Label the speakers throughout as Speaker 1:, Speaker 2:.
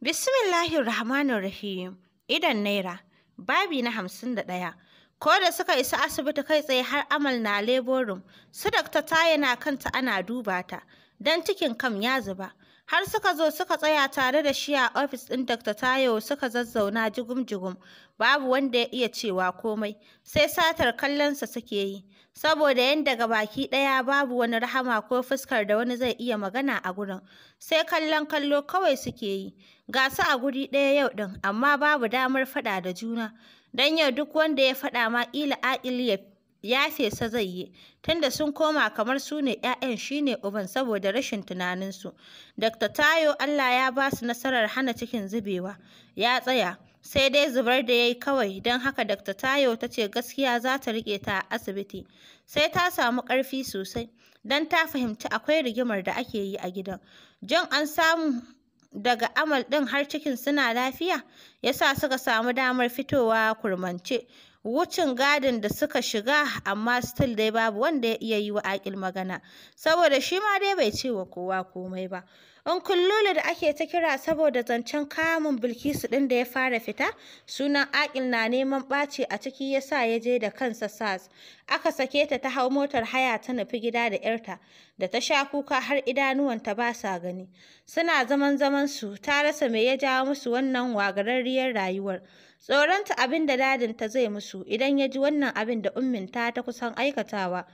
Speaker 1: Bismillahir Rahmanir Rahim. Idan Naira, babi na hamsin da ɗaya. Ko da suka isa asibiti kai tsaye har amal na leborum, su dakta ta yana kanta ana duba ta, don cikin kam ya zuba. Har suka zo suka tsaya tare da shi a ofis ɗin Dr. Tayo suka zazzauna jigum-jigum, babu wanda ya iya cewa komai, sai satar kallonsa suke yi, saboda yan daga baki ɗaya babu wani rahama ko fuskar da wani zai iya magana a gurin, sai kallon kallo kawai suke yi. ga su a guri ɗaya yau ɗin amma babu damar faɗa da juna don yau duk wanda ya faɗa ma ƙila aƙil ya yafe sa zai yi tunda sun koma kamar su ne 'ya'yan shi ne uban saboda rashin tunaninsu dr tayo allah ya ba su nasarar hana cikin zubewa ya tsaya sai dai zubar da ya yi kawai don haka dr tayo ta ce gaskiya za ta riƙe ta a asibiti sai ta samu ƙarfi sosai don ta fahimci akwai rigimar da ake yi a gidan Jin an samu daga amal ɗin har cikin suna lafiya ya sa suka samu damar fitowa kurmance wucin gadin da suka shiga amma still dai babu wanda ya iya yi wa aƙil magana saboda shi ma dai bai ce wa kowa komai ba An kullulu da ake ta kira saboda zancen kamun Bilkisu ɗin da ya fara fita, sunan Aƙil na neman ɓaci a ciki ya sa ya je da kansa SAS. Aka sake ta ta hau motar haya ta nufi gida da ‘yarta, da ta sha kuka har idanuwanta ba sa gani. Suna zaman zaman su ta rasa mai ya jawo musu wannan wagararriyar rayuwar. Tsoronta abin da dadinta zai musu idan ya ji wannan abin da umminta ta kusan aikatawa.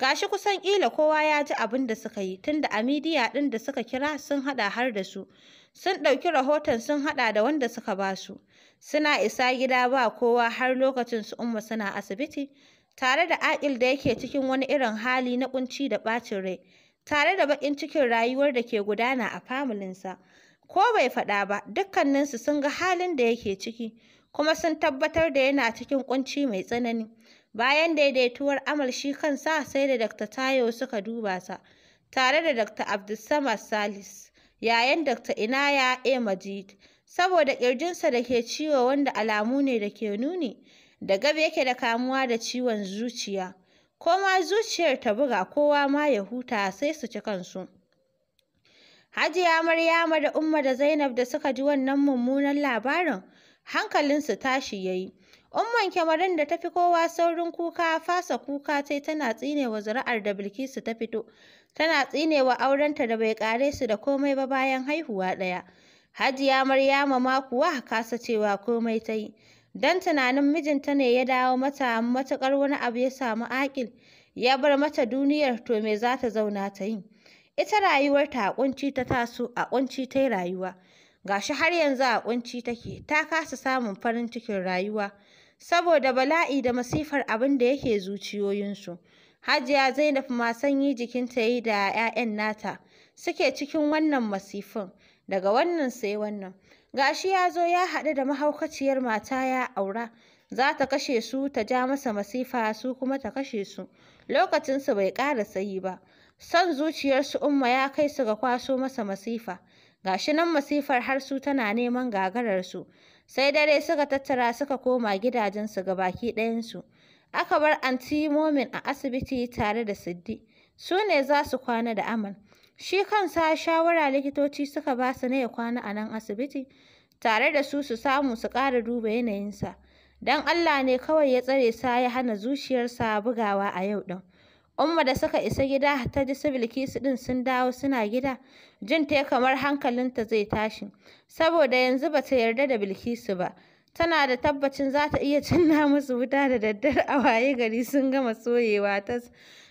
Speaker 1: Gashi kusan ƙila kowa ya ji abin da suka yi tunda a midiya ɗin da suka kira sun haɗa har da su. Sun ɗauki rahoton sun haɗa da wanda suka ba su. Suna isa gida ba kowa har lokacin su Umma suna asibiti tare da Aƙil da yake cikin wani irin hali na kunci da ɓacin rai tare da baƙin cikin rayuwar da ke gudana a familinsa. Ko bai faɗa ba dukkaninsu sun ga halin da yake ciki kuma sun tabbatar da yana cikin ƙunci mai tsanani. Bayan daidaituwar Amal shi kansa sai da Dr. Tayo suka duba sa, tare da Dr. Abdulsamad Salis, yayin Dr. Inaya A. Majid, saboda ƙirjinsa da ke ciwo wanda alamu ne da ke nuni da gabe yake da kamuwa da ciwon zuciya. Ko ma zuciyar ta buga kowa ma ya huta sai su ci kansu. Hajiya Maryama da Umma da Zainab da suka ji wannan mummunan labarin, hankalinsu tashi ya yi. Umman kyamarin da ta fi kowa saurin kuka fasa kuka tai tana tsinewa zuri'ar da Bilkisu ta fito. Tana tsinewa aurenta da bai kare su da komai ba bayan haihuwa ɗaya. Hajiya Maryama ma kuwa kasa cewa komai ta yi. Don tunanin mijinta ne ya dawo mata matuƙar wani abu ya samu aƙil. Ya bar mata duniyar to me za ta zauna ta yi. Ita rayuwarta a kunci ta taso a ƙunci ta yi rayuwa. Gashi har yanzu a kunci take ta kasa samun farin cikin rayuwa. saboda bala'i da masifar abin da yake zuciyoyinsu. Hajiya Zainab ma sanyi jikinta yi da 'ya'yan nata suke cikin wannan masifin daga wannan sai wannan. Gashi ya zo ya haɗu da mahaukaciyar mata ya aura za ta kashe su ta ja masa masifa su kuma ta kashe su lokacinsu bai ƙara sayi ba. Son zuciyarsu Umma ya kai su ga kwaso masa masifa. Gashi nan masifar har su tana neman gagararsu Sai dare suka tattara suka koma gidajensu ga baki ɗayansu. Aka bar anti Momin a asibiti tare da Siddi. Su ne za su kwana da Aman. Shi kan sa shawara likitoci suka ba su ne ya kwana a nan asibiti. Tare da su su samu su ƙara duba yanayinsa. Don Allah ne kawai ya tsare sa ya hana zuciyarsa bugawa a yau ɗin. Umma da suka isa gida ta ji su Bilkisu ɗin sun dawo suna gida. Jin ta kamar hankalinta zai tashi. Saboda yanzu ba ta yarda da Bilkisu ba. Tana da tabbacin za ta iya cinna musu wuta da daddare a waye gari sun gama soyewa ta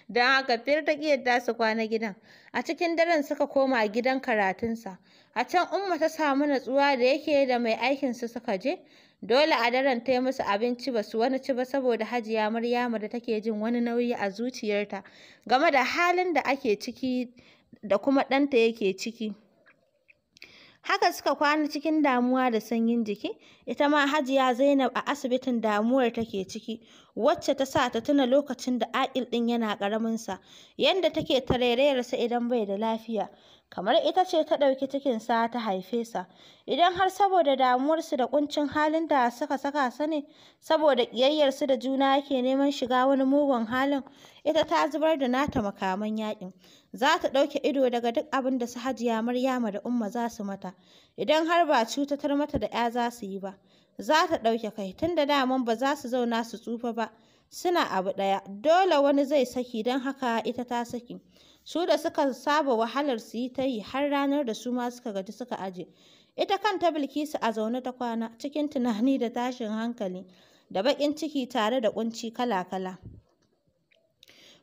Speaker 1: don haka fir ta yadda su kwana gidan. A cikin daren suka koma gidan karatunsa. A can Umma ta samu natsuwa da yake da mai aikinsu suka je. Dole a daren ta yi musu abinci ba su wani ci ba saboda Hajiya Maryamu da take jin wani nauyi a zuciyarta game da halin da ake ciki da kuma ɗanta yake ciki. Haka suka kwana cikin damuwa da sanyin jiki, ita ma Hajiya Zainab a asibitin damuwar take ciki, wacce ta sa ta tuna lokacin da Aƙil ɗin yana sa yadda take tarairayarsa idan bai da lafiya. kamar ita ce ta ɗauki cikinsa ta haife sa idan har saboda damuwarsu da ƙuncin halin da suka saka sa ne saboda ƙiyayyarsu da juna yake neman shiga wani mugun halin ita ta zubar da nata makaman yaƙin za ta ɗauke ido daga duk abin da su hajiya maryama da umma za su mata idan har ba cutatar mata da ya za su yi ba za ta ɗauke kai tun da daman ba za su zauna su tsufa ba suna abu ɗaya dole wani zai saki don haka ita ta saki su da suka saba wahalar su yi ta yi har ranar da su ma suka gaji suka aje ita kanta bilkisu a zaune ta kwana cikin tunani da tashin hankali da baƙin ciki tare da ƙunci kala-kala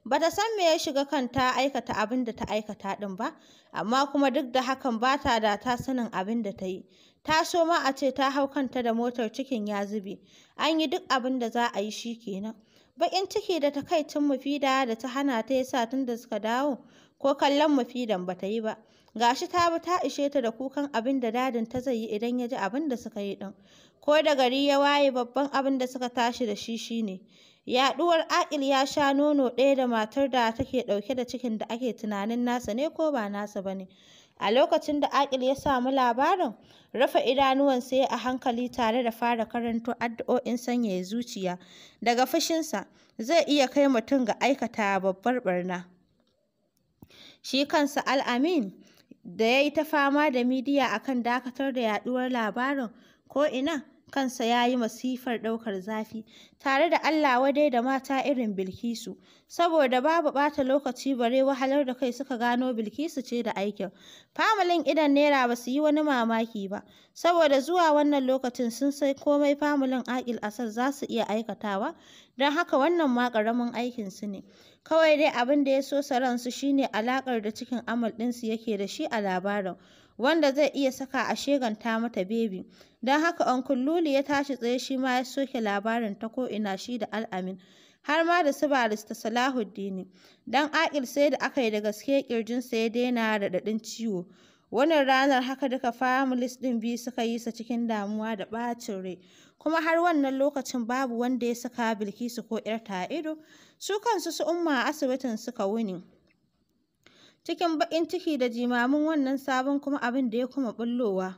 Speaker 1: ba ta san me ya shiga kan ta aikata abin da ta aikata ɗin ba amma kuma duk da hakan ba ta da ta sanin abin da ta yi ta so ma a ce ta hau kanta da motar cikin ya zube an yi duk abin da za a yi shi kenan Baƙin ciki da ta kai takaicin Mufida da ta hana ta yasa tun da suka dawo ko kallon Mufidan ba ta yi ba. Gashi ta bi ta ishe ta da kukan abin da dadin ta zai yi idan ya ji abin da suka yi din, Ko da gari ya waye babban abin da suka tashi da shi shine. Yaɗuwar Aƙil ya sha nono ɗaya da matar da take ɗauke da cikin da ake tunanin nasa ne ko ba nasa ba ne. A lokacin da aƙil ya samu labarin, rufe idanuwansa ya a hankali tare da fara karanta addu'o'in sanyaya zuciya. Daga fushinsa, zai iya kai mutum ga aikata babbar barna Shi kansa al'amin da ya yi ta fama da midiya a kan dakatar da yaɗuwar labarin ko ina kansa ya yi masifar ɗaukar zafi, tare da Allah wadai da mata irin Bilkisu, saboda babu ɓata lokaci bare wahalar da kai suka gano Bilkisu ce da aikin. Famalin idan Naira ba su yi wani mamaki ba, saboda zuwa wannan lokacin sun sai komai famalin Aƙil Asad za su iya aikatawa, don haka wannan ma ƙaramin aikinsu ne. Kawai dai abin da ya so ransu shine alaƙar da cikin amal ɗinsu yake da shi a labarin. wanda zai iya saka a sheganta mata bebi. Don haka onkul Luli ya tashi tsaye shi ma ya soke labarin ta ko ina shi da al'amin. har ma da su barista Salahuddini. Don Akil sai da aka yi da gaske kirjinsa ya daina raɗaɗin ciwo. Wannan ranar haka duka families ɗin biyu suka yi sa cikin damuwa da ɓacin rai. Kuma har wannan lokacin babu wanda ya saka Bilkisu ko ‘yarta ido, su kansu su umma a asibitin suka wuni. cikin baƙin ciki da jimamin wannan sabon kuma abin da ya kuma bullowa.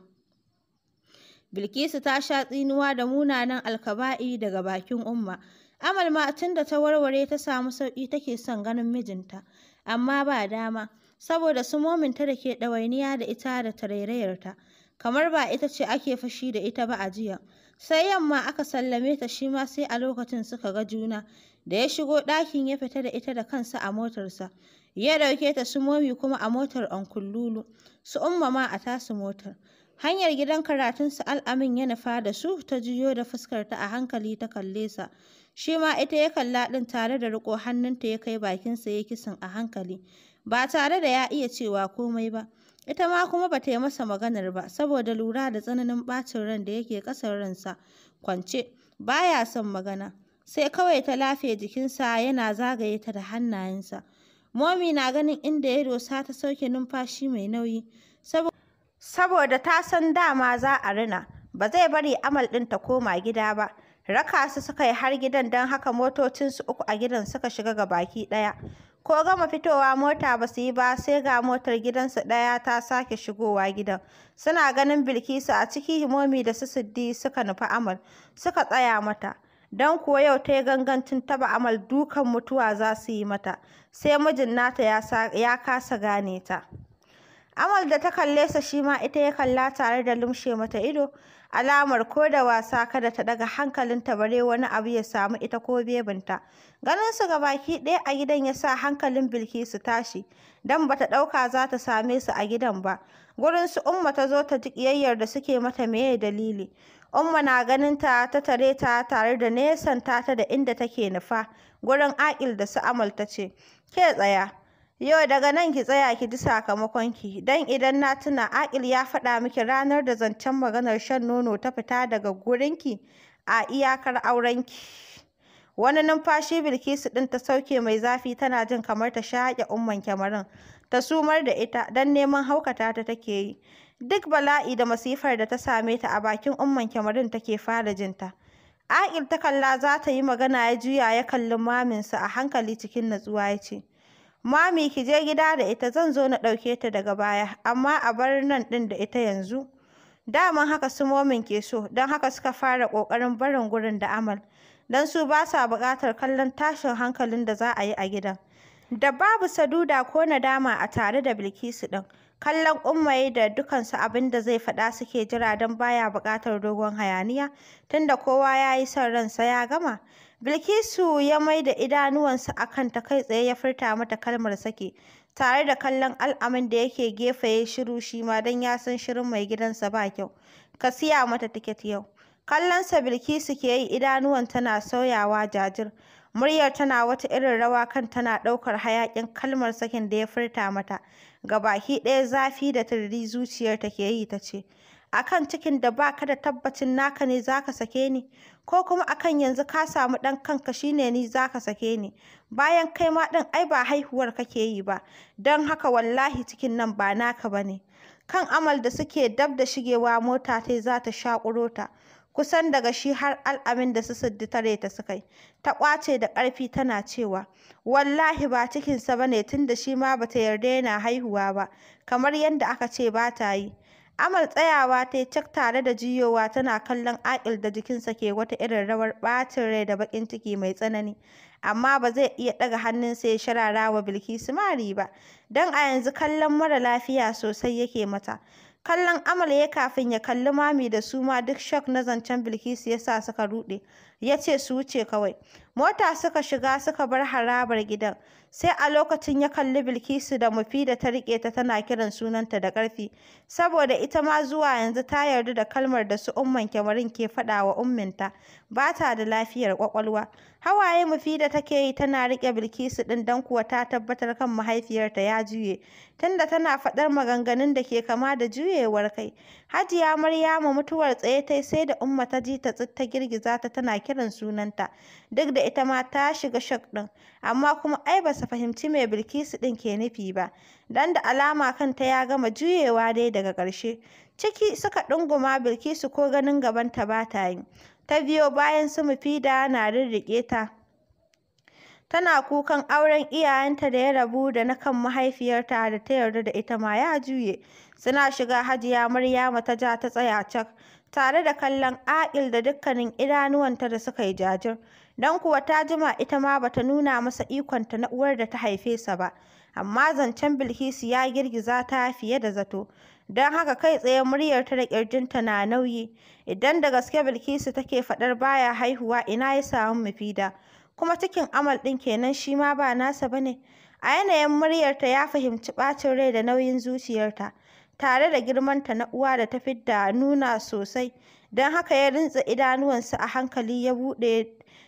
Speaker 1: Bilkisu ta sha tsinuwa da munanan alkaba'i daga bakin Umma. Amal ma tun da ta warware ta samu sauƙi take son ganin mijinta, amma ba dama, saboda su mominta da ke ɗawainiya da ita da tarairayarta. kamar ba ita ce ake fashi da ita ba a jiya. Sai yamma aka sallame ta shi ma sai a lokacin suka ga juna, da ya shigo ɗakin ya fita da ita da kansa a motarsa. Ya ɗauke ta su momi kuma a motar Onkululu. su umma ma a tasu motar. Hanyar gidan karatun su al'amin ya nufa da su ta juyo da fuskarta a hankali ta kalle sa. Shi ma ita ya kalla ɗin tare da riƙo hannunta ya kai bakinsa ya kisan a hankali, ba tare da ya iya cewa komai ba. Ita ma kuma ba ta yi masa maganar ba, saboda lura da tsananin ɓacin ran da yake ƙasar ransa kwance, ba ya son magana. Sai kawai ta lafe jikinsa yana zagaye ta da hannayensa. Momi na ganin inda ya dosa ta sauke numfashi mai nauyi, saboda ta san dama za a rina, ba zai bari amal ɗin ta koma gida ba. Raka su suka yi har gidan don haka motocinsu uku a gidan suka shiga ga baki ɗaya. Ko gama fitowa mota ba su yi ba sai ga motar gidansu ɗaya ta sake shigowa gidan. Suna ganin Bilkisu a ciki Himomi da su Siddi suka nufi Amal suka tsaya mata. Don kuwa yau ta yi gangancin taba Amal dukan mutuwa za su yi mata. Sai mijin nata ya kasa gane ta. Amal da ta kalle sa shi ma ita ya kalla tare da lumshe mata ido, alamar ko da wasa kada ta daga ta bare wani abu ya samu ita ko bebinta. Ganin su baki ɗaya a gidan ya sa hankalin Bilkisu tashi, dan bata ɗauka za ta same su a gidan ba. Gurin su Umma ta zo ta ji ƙiyayyar da suke mata meye dalili. Umma na ganin ta ta tare ta tare da nesanta ta da inda take nufa, gurin Aƙil da su Amal ta ce, ke tsaya. Yau daga nan ki tsaya ki ji sakamakon ki! don idan na tuna Aƙil ya faɗa miki ranar da zancen maganar shan nono ta fita daga gurin ki a iyakar auren ki. Wani numfashi Bilkisu ɗin ta sauke mai zafi tana jin kamar ta shaƙe umman kyamarin, ta sumar da ita don neman haukata ta take yi. Duk bala'i da masifar da ta same ta a bakin umman kyamarin take fara jinta. Aƙil ta kalla za ta yi magana ya juya ya kalli maminsa a hankali cikin natsuwa ya ce, Mami ki je gida da ita zan zo na ɗauke ta daga baya, amma a bar nan ɗin da ita yanzu. Daman haka su momin ke so, don haka suka fara ƙoƙarin barin gurin da amal. Don su ba sa buƙatar kallon tashin hankalin da za a yi a gidan. Da babu saduda ko nadama a tare da Bilkisu ɗin. kallon ummaye da dukansu abin da zai faɗa suke jira don baya buƙatar dogon hayaniya tunda kowa ya yi son ransa ya gama Bilkisu ya mai da idanuwansa a kanta kai tsaye ya furta mata kalmar sake tare da kallon al'amin da yake gefe ya shiru shi ma don ya san shirin mai gidansa ba kyau. Ka siya mata tiket yau. Kallonsa Bilkisu ke yi idanuwan tana sauyawa jajir. Muryar tana wata irin rawa kan tana ɗaukar hayakin kalmar sakin da ya furta mata. Ga baki ɗaya zafi da tururi zuciyarta ke yi ta ce, akan cikin da baka da tabbacin naka ne zaka sake ni ko kuma akan yanzu ka samu ɗan kanka shine ni zaka sake ni bayan kai ma ɗin ai ba haihuwar kake yi ba don haka wallahi cikin nan ba naka bane kan amal da suke dab da shigewa mota tai za ta shaƙuro ta kusan daga shi har al'amin da su siddi tare ta suka yi ta ƙwace da ƙarfi tana cewa wallahi ba cikinsa bane ne tun da shi ma ba ta yarda yana haihuwa ba kamar yadda aka ce ba ta yi Amal tsayawa ta yi cak tare da jiyowa tana kallon aƙil da jikinsa ke wata irin rawar ɓacin rai da baƙin ciki mai tsanani. Amma ba zai iya ɗaga hannunsa ya sharara wa Bilkisu mari ba, don a yanzu kallon mara lafiya sosai yake mata. Kallon Amal ya kafin ya kalli Mami da su ma duk shock na zancen Bilkisu ya sa suka ruɗe. ya ce su wuce kawai mota suka shiga suka bar harabar gidan sai a lokacin ya kalli bilkisu da mufida ta riƙe ta tana kiran sunanta da ƙarfi saboda ita ma zuwa yanzu ta yarda da kalmar da su umman kyamarin ke faɗa wa umminta ba ta da lafiyar ƙwaƙwalwa hawaye mufida take yi tana riƙe bilkisu ɗin don kuwa ta tabbatar kan mahaifiyarta ya juye tunda tana faɗar maganganun da ke kama da juyewar kai Hajiya Maryamu mutuwar tsaye ta sai da Umma ta ji ta tsit ta girgiza ta tana kiran sunanta. Duk da ita ma ta shiga shak ɗin, amma kuma ai ba su fahimci me Bilkisu ɗin ke nufi ba. Dan da alama kanta ya gama juyewa dai daga ƙarshe. Ciki suka ɗunguma Bilkisu ko ganin gabanta ba ta yi. Ta biyo bayan su Mufida na rirriƙe ta. Tana kukan auren iyayenta da ya rabu da na kan mahaifiyarta da ta yarda da ita ma ya juye. Suna shiga Hajiya Maryama ta ja ta tsaya cak, tare da kallon A'il da dukkanin idanuwanta da suka yi jajir. Don kuwa ta jima ita ma bata nuna masa ikonta na uwar da ta haife sa ba. Amma zancen Bilkisu ya girgiza ta fiye da zato. Don haka kai tsaye muryarta da kirjinta na nauyi. Idan da gaske Bilkisu take faɗar baya haihuwa ina ya samu mafida. kuma cikin Amal ɗin kenan shi ma ba nasa ba ne. A yanayin muryarta ya fahimci ɓacin rai da nauyin zuciyarta, tare da girmanta na uwa da ta fidda nuna sosai, don haka ya rintse idanuwansa a hankali ya buɗe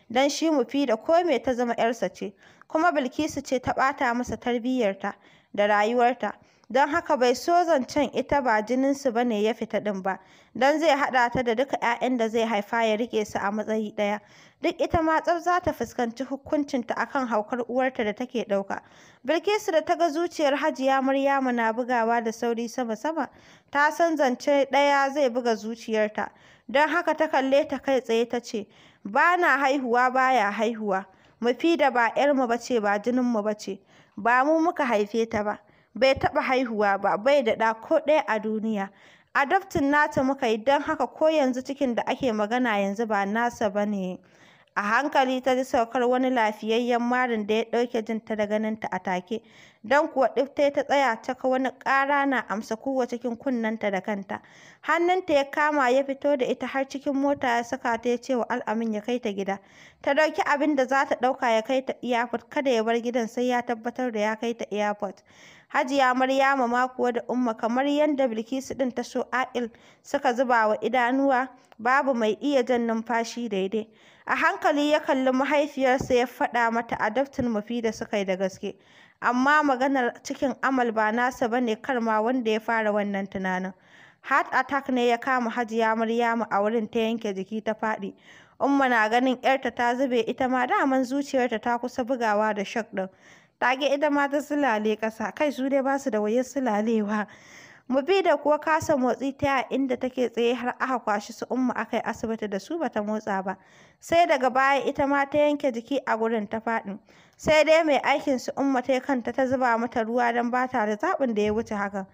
Speaker 1: don shi Mufida ko me ta zama 'yarsa ce, kuma Bilkisu ce ta ɓata masa tarbiyyarta da rayuwarta. don haka bai so zancen ita ba jininsu ba ne ya fita din ba don zai haɗa ta da duka 'ya'yan da zai haifa ya rike su a matsayi ɗaya duk ita ma tsaf za ta fuskanci hukuncinta akan haukar uwarta da take ɗauka bilkisu da ta ga zuciyar hajiya maryamu na bugawa da sauri sama-sama ta san zance ɗaya zai buga zuciyarta don haka ta kalle ta kai tsaye ta ce ba na haihuwa baya haihuwa mufida ba 'yarmu ba ce ba jininmu ba ce ba mu muka haife ta ba bai taɓa haihuwa ba bai da ɗa ko ɗaya a duniya adaftin nata muka yi don haka ko yanzu cikin da ake magana yanzu ba nasa ba ne a hankali ta ji saukar wani lafiyayyen marin da ya ɗauke jinta da ganinta a take don kuwa ɗifta ta tsaya ta ka wani ƙara na amsa kowa cikin kunnenta da kanta hannunta ya kama ya fito da ita har cikin mota ya saka ta ya ce wa al'amin ya kai ta gida ta ɗauki abin da za ta ɗauka ya kai ta airport kada ya bar gidan sai ya tabbatar da ya kai ta airport Hajiya Maryama ma kuwa da Umma kamar yadda Bilkisu ɗin ta so A'il suka zuba wa idanuwa babu mai iya jan numfashi daidai. A hankali ya kalli mahaifiyarsa ya faɗa mata adaftin mafi da suka yi da gaske. Amma maganar cikin amal ba nasa ba ne kar ma wanda ya fara wannan tunanin. Heart attack ne ya kama Hajiya Maryama a wurin ta yanke jiki ta faɗi. Umma na ganin ‘yarta ta zube ita ma daman zuciyarta ta kusa bugawa da shock ɗin. Tage ita ma ta sulale ƙasa, kai su dai ba su da wayar sulalewa. da kuwa kasa motsi ta inda take tsaye har aka kwashi su umma aka yi asibiti da su bata motsa ba. Sai daga baya ita ma ta yanke jiki a gurin ta faɗi. Sai dai mai aikin su umma ta kanta ta zuba mata ruwa don ba ta da zaɓin da ya wuce hakan.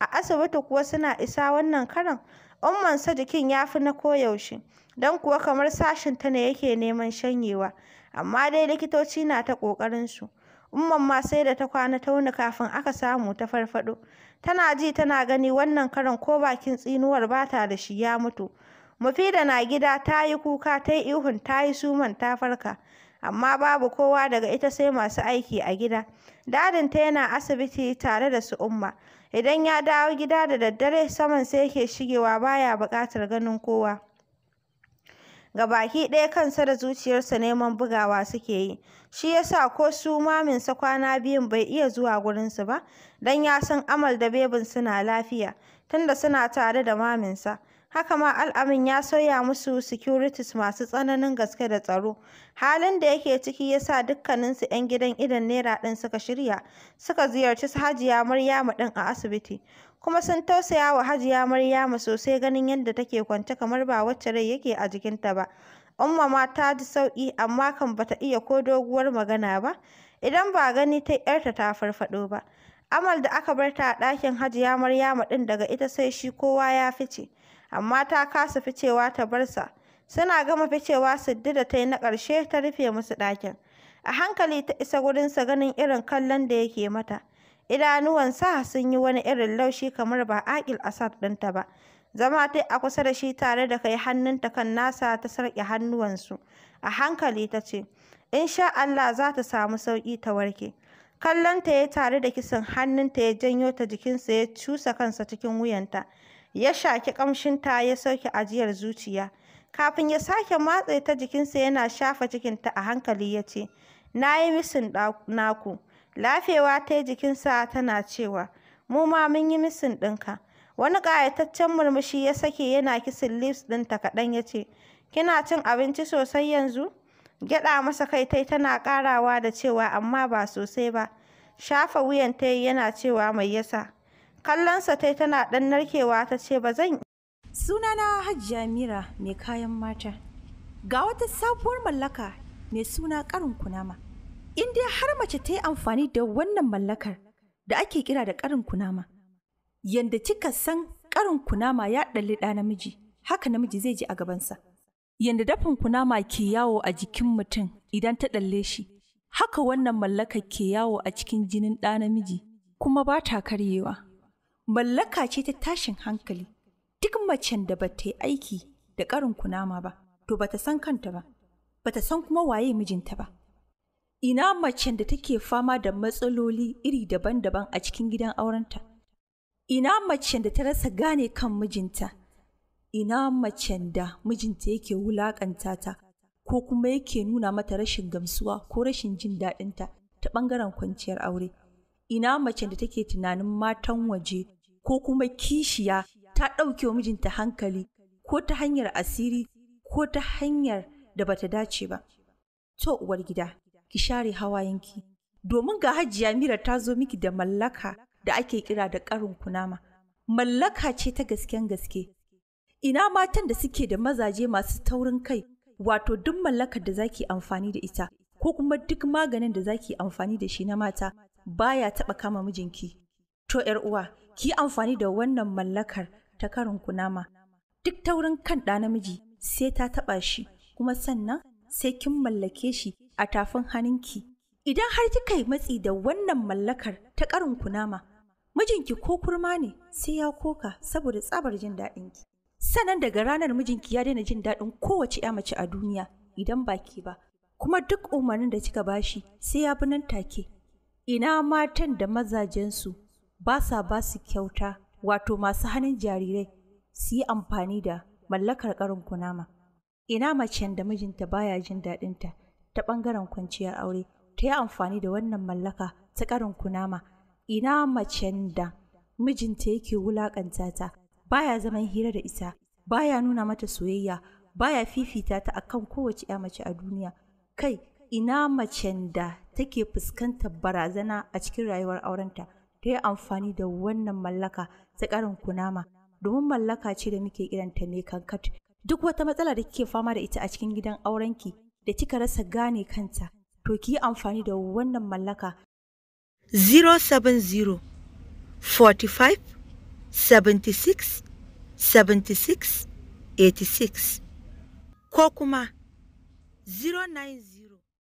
Speaker 1: A asibiti kuwa suna isa wannan karan, umman sa jikin ya fi na koyaushe. Don kuwa kamar sashin ta ne yake neman shanyewa. Amma dai likitoci na ta ƙoƙarinsu. su. Umman ma sai da ta kwana ta wuni kafin aka samu ta farfaɗo. Tana ji tana gani wannan karan ko bakin tsinuwar ba ta da shi ya mutu. Mufida na gida ta yi kuka ta yi ihun ta yi suman ta farka. Amma babu kowa daga ita sai masu aiki a gida. Dadin ta yana asibiti tare da su umma. Idan ya dawo gida da daddare saman sai yake shigewa baya buƙatar ganin kowa. ga baki ɗaya kansa da zuciyarsa neman bugawa suke yi shi yasa ko su maminsa kwana biyun bai iya zuwa gurinsu ba don ya san amal da bebin suna lafiya tunda suna tare da maminsa Haka ma al'amin ya sauya musu securities masu tsananin gaske da tsaro. Halin da yake ciki ya sa dukkaninsu 'yan gidan idan Naira ɗin suka shirya, suka ziyarci Hajiya Maryamu ɗin a asibiti. Kuma sun tausaya wa Hajiya Maryamu sosai ganin yadda take kwance kamar ba wacce rai yake a jikinta ba. Umma ma ta ji sauƙi amma kan bata iya ko doguwar magana ba, idan ba gani ta 'yarta ta farfaɗo ba. Amal da aka bar ta a ɗakin Hajiya Maryamu ɗin daga ita sai shi kowa ya fice. amma ta kasa ficewa ta bar sa suna gama ficewa siddi da ta yi na ƙarshe ta rufe musu ɗakin a hankali ta isa sa ganin irin kallon da yake mata idanuwansa sun yi wani irin laushi kamar ba Aqil asad ɗinta ba zama ta a kusa da shi tare da kai hannunta kan nasa ta sarƙe hannuwansu a hankali ta ce sha Allah za ta samu sauƙi ta warke Kallon ta ya tare da kisan hannunta ya janyo ta jikinsa ya cusa kansa cikin wuyanta ya shaki ta ya sauke ajiyar zuciya kafin ya sake matse ta jikinsa yana shafa cikinta a hankali ya ce na yi misin naku lafewa ta jikinsa tana cewa mu ma mun yi misin ɗinka wani ƙayataccen murmushi ya sake yana kisin lips ɗinta kaɗan ya ce kina cin abinci sosai yanzu gyaɗa masa kai tai tana ƙarawa da cewa amma ba sosai ba shafa wuyan ta yana cewa mai yasa Kallonsa tai tana ɗan narkewa ta ce ba zan
Speaker 2: Sunana Hajiya Mira mai kayan mata. Ga wata sabuwar mallaka mai suna karin kunama. In dai har mace ta yi amfani da wannan mallakar da ake kira da karin kunama. yadda kika san karin kunama ya ɗalli ɗa namiji, haka namiji zai ji a gabansa. Yadda dafin kunama ke yawo a jikin mutum idan ta ɗalle shi, haka wannan mallakar ke yawo a cikin jinin ɗa namiji kuma ba ta karyewa. mallaka ce ta tashin hankali duk macen da ba ta yi aiki da ƙarin kunama ba to ba ta san kanta ba ba ta san kuma waye mijinta ba ina macen da take fama da matsaloli iri daban-daban a cikin gidan aurenta ina macen da ta rasa gane kan mijinta ina macen da mijinta yake wulaƙanta ta ko kuma yake nuna mata rashin gamsuwa ko rashin jin daɗinta ta ɓangaren kwanciyar aure ina macen da take tunanin matan waje ko kuma kishiya ta ɗauke wa mijinta hankali ko ta hanyar asiri ko ta hanyar da bata dace ba. To uwar gida, ki share hawayenki. Domin ga hajiya mira ta zo miki da mallaka da ake kira da ƙarin kunama. Mallaka ce ta gasken gaske. Ina matan da suke da mazaje masu taurin kai, wato duk mallakar da zaki amfani da ita, ko kuma duk maganin da zaki amfani da shi na mata baya taɓa kama mijinki. To ‘yar uwa, ki amfani da wannan mallakar ta karin kunama. Duk taurin kan ɗa namiji sai ta taɓa shi, kuma sannan sai kin mallake shi a tafin hannunki. Idan har kika yi matsi da wannan mallakar ta karin kunama, mijinki ko kurma ne sai ya koka saboda tsabar jin daɗin ki. Sannan daga ranar mijinki ya daina jin daɗin kowace ya mace a duniya idan baki ba, kuma duk umarnin da kika bashi sai ya bi nan take. Ina matan da mazajensu ba sa ba su kyauta wato masu hannun jarirai su yi amfani da mallakar karin kunama. Ina macen da mijinta baya jin daɗinta ta ɓangaren kwanciyar aure ta yi amfani da wannan mallaka ta karin kunama. Ina macen da mijinta yake wulaƙanta ta baya zaman hira da ita baya nuna mata soyayya baya fifita ta akan kowace ya mace a duniya kai ina macen da take fuskantar barazana a cikin rayuwar aurenta ta yi amfani da wannan mallaka ta karin kunama domin mallaka ce da muke kiranta mai kankat duk wata matsala da kike fama da ita a cikin gidan aurenki da kika rasa gane kanta to ki yi amfani da wannan mallaka 070 45 76 76 86 ko kuma 090